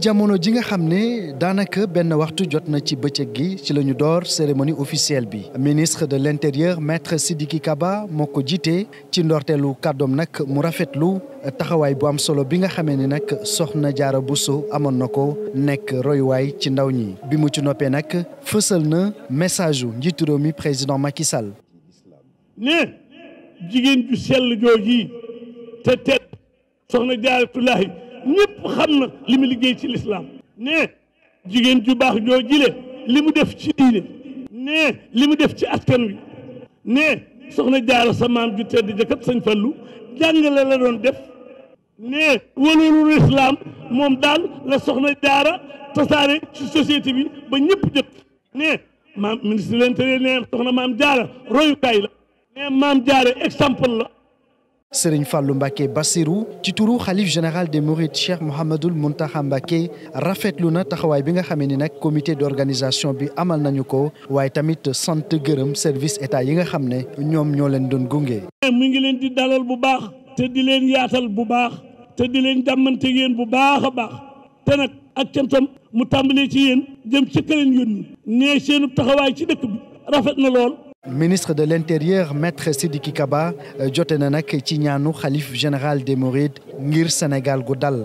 jamono ji nga xam ne daanaka benn waxtu jot na ci bëccëg gi ci la ñu door cérémonie officielle bi ministre de l'intérieur maître Sidiki Kaba moo ko jiite ci ndorteelu kàddoom nag mu rafetlu taxawaay bu am solo bi nga xamee ni nag soxna Jaara Buso amoon na ko nekk royuwaay ci ndaw ñi bi mu ci noppee nag fësal na message u njiitu réew mi président Macky Sall jigéen ju sell jooji te teel soxna Jaaratullaahi ñëpp xam na li mu liggéey ci lislaam ne jigéen ju baax joo jile li mu def ci diine ne li mu def ci askan wi ne soxna jaara sa maam ju tedd jëkkat sañ fallu jàngale la doon def ne wëlulu lislaam moom daal la soxna jaara tasaare ci société bi ba ñëpp jëkk ne maam ministre de l'intérieur ne soxna maam jaara royukaay la ne maam jaara exemple la sëriñ fàllu Mbacké basiru ci turu xalif général des Mourides Cheikh Mouhamadoul Mountakha Mbacké rafetlu na taxawaay bi nga xamee ni nag comité d'organisation bi amal nañu ko waaye tamit sant gërëm service état yi nga xam ne ñoom ñoo leen doon gunge. mi ngi leen di dalal bu baax te di leen yaatal bu baax te di leen jàmmante yéen bu baax a baax te nag ak cantam mu tàmbalee ci yéen jëm ci ka yónni nee seenu taxawaay ci dëkk bi rafet na lool. ministre de l'intérieur maître Sidiki Kaba euh, jote na nag ci ñaanu xalif général des Mourides ngir Sénégal gu dal